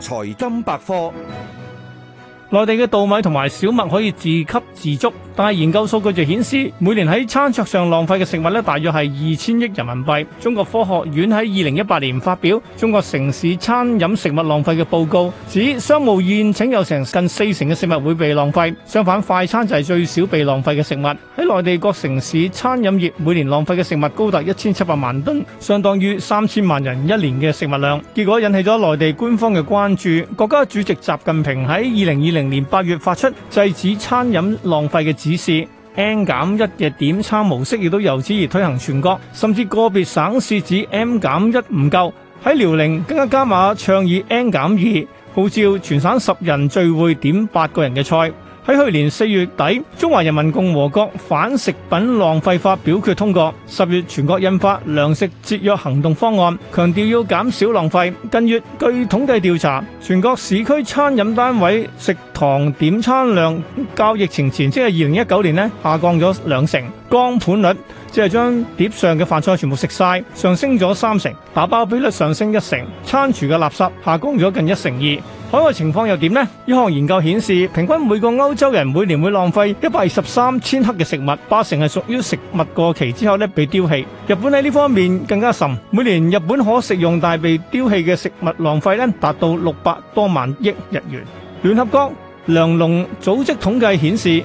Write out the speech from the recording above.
財金百科。內地嘅稻米同埋小麥可以自給自足，但係研究數據就顯示，每年喺餐桌上浪費嘅食物呢，大約係二千億人民幣。中國科學院喺二零一八年發表《中國城市餐飲食物浪費嘅報告》，指商務宴請有成近四成嘅食物會被浪費。相反，快餐就係最少被浪費嘅食物。喺內地各城市餐飲業每年浪費嘅食物高達一千七百萬噸，相當於三千萬人一年嘅食物量。結果引起咗內地官方嘅關注。國家主席習近平喺二零二零明年八月發出制止餐飲浪費嘅指示，N 減一嘅點餐模式亦都由此而推行全國，甚至個別省市指 M 減一唔夠，喺遼寧更加加碼倡議 N 減二，號召全省十人聚會點八個人嘅菜。喺去年四月底，中華人民共和國反食品浪費法表決通過，十月全國印發糧食節約行動方案，強調要減少浪費，近月據統計調查，全國市區餐飲單位食堂點餐量較疫情前，即係二零一九年呢下降咗兩成，光盤率，即係將碟上嘅飯菜全部食晒，上升咗三成，打包比率上升一成，餐廚嘅垃圾下降咗近一成二。海外情況又點呢？一項研究顯示，平均每個歐洲人每年會浪費一百二十三千克嘅食物，八成係屬於食物過期之後呢被丟棄。日本喺呢方面更加甚，每年日本可食用但被丟棄嘅食物浪費呢達到六百多萬億日元。聯合國糧農組織統計顯示。